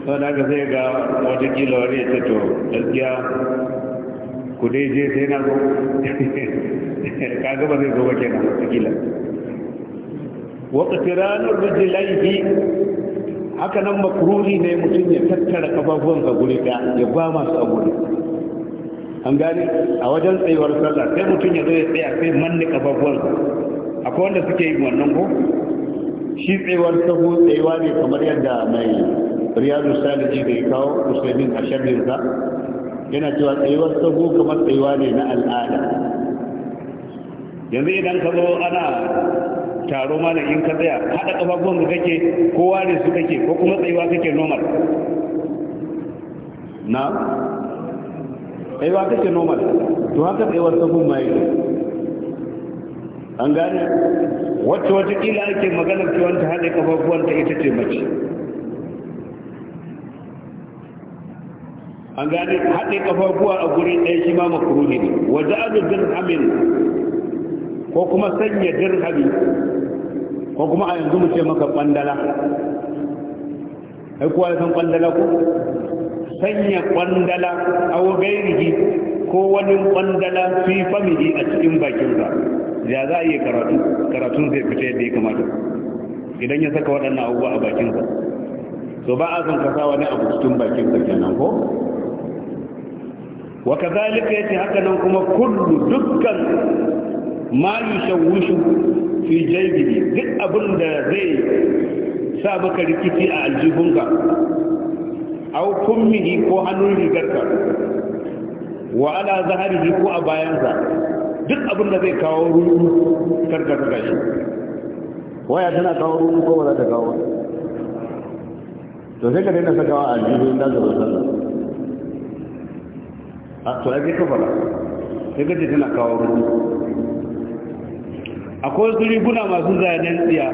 sau da aka sai ga watakila wani ya to gaskiya ku dai je sai na zo ka gaba zai zo wake na watakila wata tiranar rijilaihi haka nan makururi ne mutum ya tattara ka guri ya ba masu a guri an gane a wajen tsayuwar sallah sai mutum ya zo ya tsaya sai manne kafafuwar akwai wanda suke yin wannan ko shi tsayuwar sahu tsayuwa ne kamar yadda mai riyadu saliji da ya kawo musulmin a sharrinsa yana cewa tsayuwar sahu kamar tsayuwa ne na al'ada yanzu idan ka zo ana taro mana in ka tsaya haɗa ƙafafuwan da kake kowa ne su kake ko kuma tsayuwa kake normal na tsayuwa kake normal to haka kai sahun ma mai an gane wacce kila ake magana ciwon ta haɗe ta ita ce mace an gane haɗe kafafuwa a guri ɗaya shi ma makuruhi ne waje abu dirhamin ko kuma sanya dirhami ko kuma a yanzu mu ce maka ƙwandala ai kuwa ya san ƙwandala ko sanya kwandala a gairihi ko wani kwandala fi famili a cikin bakinsa ya za a yi karatu karatun zai fita yadda ya kamata idan ya saka waɗannan abubuwa a bakinsa so ba a zan kasa wani abu cikin bakinsa kenan ko wa kazalika yace haka nan kuma kullu dukkan ma yushawwishu fi jaybihi duk abin da zai sa maka rikici a aljihunka aw kummihi ko hannun rigarka wa ala zaharihi ko a bayansa duk abin da zai kawo ruɗu karka saka shi waya tana kawo ruɗu ko ba za ta kawo to sai ka daina sakawa a aljihu inda zaba bar sallah a to ai ka fara sai ka ce tana kawo ruɗu akwai wasu riguna masu zanen tsiya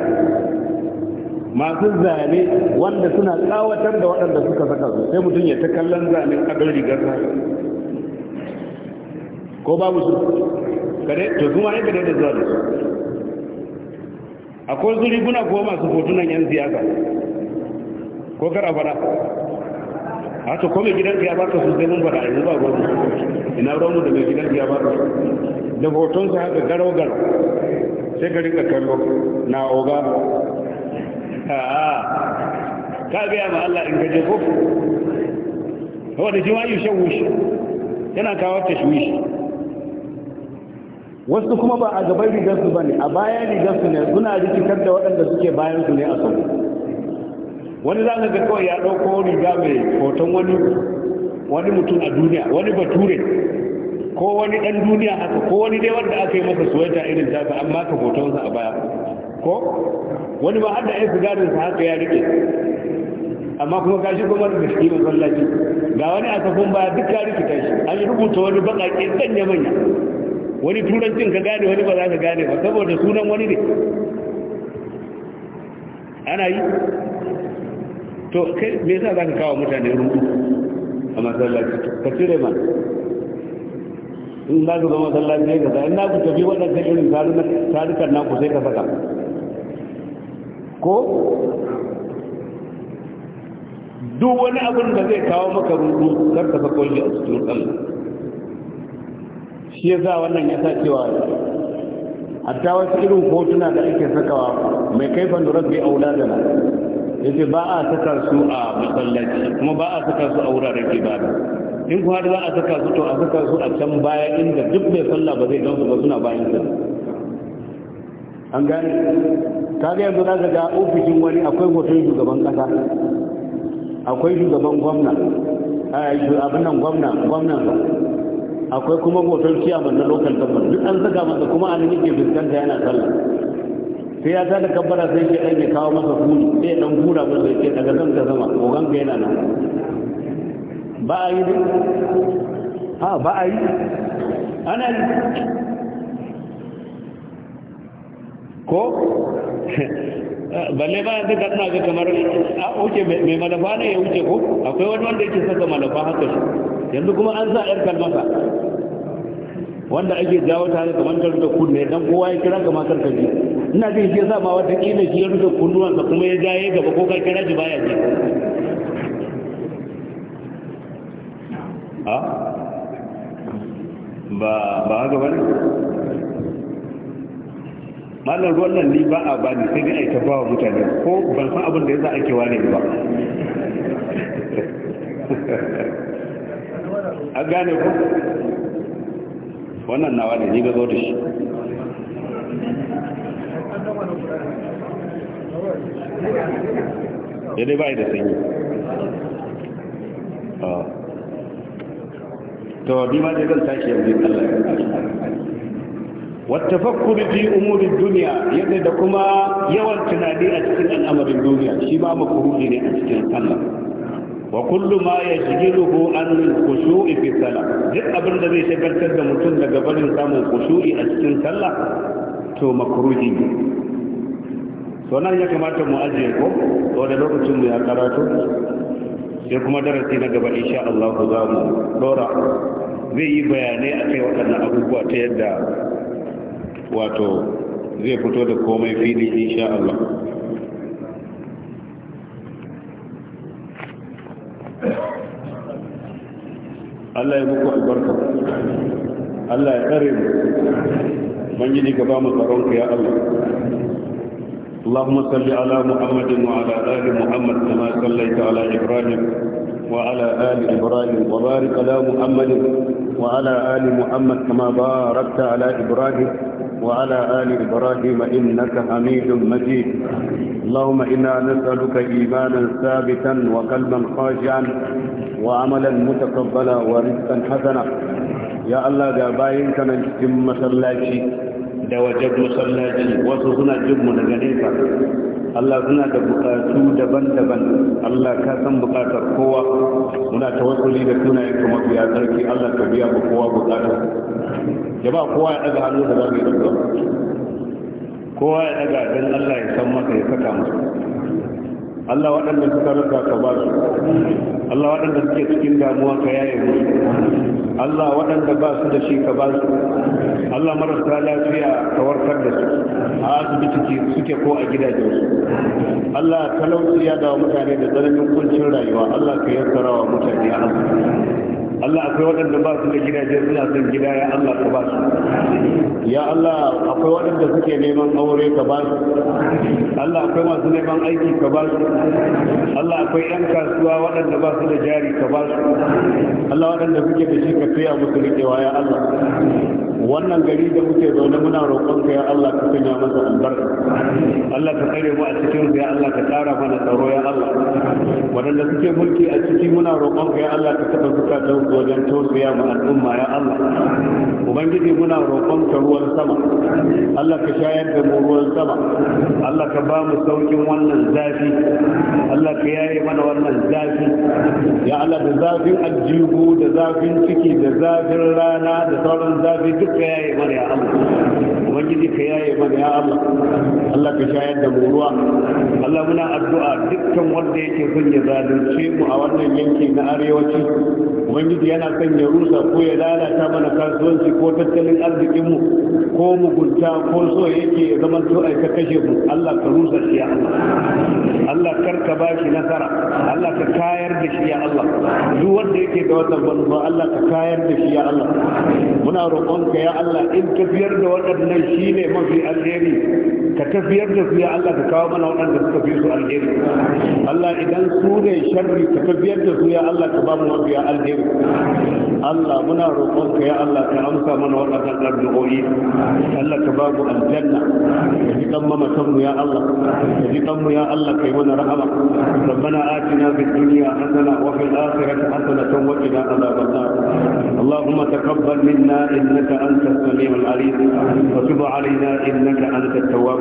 masu zane wanda suna tsawatar da waɗanda suka saka su sai mutum ya ta kallon zane a don rigar sa ko babu su kare to kuma ai kare da zuwa da su akwai su riguna kuma masu hotunan yan siyasa ko kar a fara a to ko gidan gidan ya baka su sai mun fara yanzu ba ruwan ina ruwan mu da mai gidan ya baka da hoton su haka garau garo sai ka rinka kallo na oga ka gaya ma Allah in gaje ko saboda shi ma shan wushi yana kawo ta shi wasu kuma ba a gaban rigarsu ba ne a bayan rigarsu ne suna rikitar da waɗanda suke bayan su ne a sau wani za ka ga kawai ya ɗauko riga mai hoton wani wani mutum a duniya wani bature ko wani ɗan duniya haka ko wani dai wanda aka yi masa suwaita irin ta amma ka hoton sa a baya ko wani ba hada yan sigarin sa haka ya rike amma kuma gashi kuma da shi masallaci ga wani a safin ba duk ya rike shi an rubuta wani baƙaƙe sanya manya wani turancin ka gane wani ba za ka gane ba saboda sunan wani ne ana yi to kai me yasa za ka kawo mutane rubutu a masallaci ka cire ma in za ka zo masallaci ka sa in na ku tafi waɗannan irin tarukan ku sai ka saka ko duk wani abin da zai kawo maka rudu kar ka sako shi a cikin Allah shi yasa wannan ya sa cewa hatta wasu irin hotuna da ake sakawa mai kaifan da rabbi auladana yace ba a saka su a masallaci kuma ba a saka su a wuraren ibada in kuma da za a saka su to a saka su a can baya inda duk mai sallah ba zai gamsu ba suna bayan sallah an gane ga yanzu za ga ofishin wani akwai hoton shugaban kasa akwai shugaban gwamna abin nan gwamna gwamna ba akwai kuma hoton ciyaman na lokal government duk an saka masa kuma a nan yake fuskanta yana tsalla sai ya tada kabbara sai ke dan ya kawo masa kuni sai ɗan hura masa ke daga zan ta zama kogan ka yana nan ba a yi ha ba a yi ana ko [LAUGHS] balle ba da gatna ga kamar a oke mai malafa ne ya wuce ko akwai wani wanda yake saka malafa haka shi yanzu kuma an sa yar kalmasa wanda ake jawo ta da kamar ta kunne dan kowa ya kira ga matar kaji ina jin shi yasa ma wata kila shi ya rufe kunnuwansa kuma ya jaye gaba ko ka kira shi baya ji ba ba ga bane malar ruwan nan ni ba a bani sai dai aika ba wa mutane ko ban san abin da ya za a kewa ne ba a gane ku wannan nawa ne ni ga zo da shi ya dai bai da sanyi ah. to bi ma dai zan tashi yanzu Allah ya wattafakkuri fi umurin duniya yadda da kuma yawan tunani a cikin al'amarin duniya shi ma makruhi ne a cikin sallah wa kullu ma yashghiluhu an khushu'i fi sallah duk abin da zai shagaltar da mutum daga barin samun khushu'i a cikin sallah to makruhi ne to nan ya kamata mu ajiye ko to lokacin mu ya karatu sai kuma darasi na gaba insha Allah za mu dora zai yi bayanai akai waɗannan abubuwa ta yadda wato zai fito da komai fili insha Allah Allah ya muku albarka Allah ya tsare mu banjini ka ba mu tsaron ya Allah Allahumma salli ala Muhammadin wa ali Muhammad kama sallaita ala Ibrahim wa ali Ibrahim wa barik Muhammadin wa ali Muhammad kama barakta ala Ibrahim وعلى آل إبراهيم إنك حميد مجيد اللهم إنا نسألك إيمانا ثابتا وقلبا خاشعا وعملا متقبلا ورزقا حسنا يا الله ga bayinka nan cikin masallaci da wajen masallaci wasu suna jin mu daga nesa Allah suna da bukatu daban-daban Allah ka san bukatar kowa muna tawassuli da sunayen kuma biya sarki Allah ka biya kowa bukatar jama'a kowa ya daga hannu da ba mai yi kowa ya daga don Allah ya san masa ya saka masa Allah waɗanda suka rasa ka ba su Allah waɗanda suke cikin damuwa ka yaye musu Allah waɗanda ba su da shi ka ba su Allah marasa lafiya ka warkar da su a asibiti suke ko a gidajen su. Allah talauci ya dawo mutane da tsananin kuncin rayuwa Allah ka yi sarawa mutane a Allah akwai waɗanda ba su da gidaje suna son gida ya Allah ka ba su ya Allah akwai waɗanda suke neman aure ka ba su Allah akwai masu neman aiki ka ba su Allah akwai ƴan kasuwa waɗanda ba su da jari ka ba su Allah waɗanda suke da shi ka tsaya musu riƙewa ya Allah wannan gari da muke zaune muna roƙon ka ya Allah ka sanya masa albarka Allah ka tsare mu a cikin ya Allah ka tsara mana tsaro ya Allah waɗanda suke mulki a ciki muna roƙon ka ya Allah ka taɓa zukatan wajen tausaya mu al'umma ya Allah ubangiji muna roƙon ka ruwan sama Allah ka shayar da mu ruwan sama Allah ka ba mu saukin wannan zafi Allah ka yaye mana wannan zafi ya Allah da zafin aljihu da zafin ciki da zafin rana da sauran zafi duk ka yaye mana ya Allah ubangiji ka yaye mana ya Allah Allah ka shayar da mu ruwa Allah muna addu'a dukkan wanda yake son ya zalunce mu a wannan yanki na arewaci ubangiji yana son ya rusa ko ya lalata mana kasuwanci ko tattalin arzikinmu ko mugunta ko so yake ya zama to aika kashe mu Allah ka rusa shi ya Allah Allah kar ka bashi nasara Allah ka kayar da shi ya Allah duk wanda yake da wannan banzo Allah ka kayar da shi ya Allah muna roƙonka ya Allah in tafiyar da waɗannan shine mafi alheri ka tafiyar da su ya Allah ka kawo mana waɗanda suka fi su alheri Allah idan su ne sharri ka tafiyar da su ya Allah ka ba mu mafiya alheri Allah muna roƙon ka ya Allah ka amsa mana waɗannan addu'o'i Allah ka ba mu aljanna ka ji kan mamatan mu ya Allah ka ji kan mu ya Allah kai mana rahama ربنا آتنا في الدنيا حسنة وفي الآخرة حسنة وقنا عذاب النار اللهم تقبل منا إنك أنت السميع العليم وتب علينا إنك أنت التواب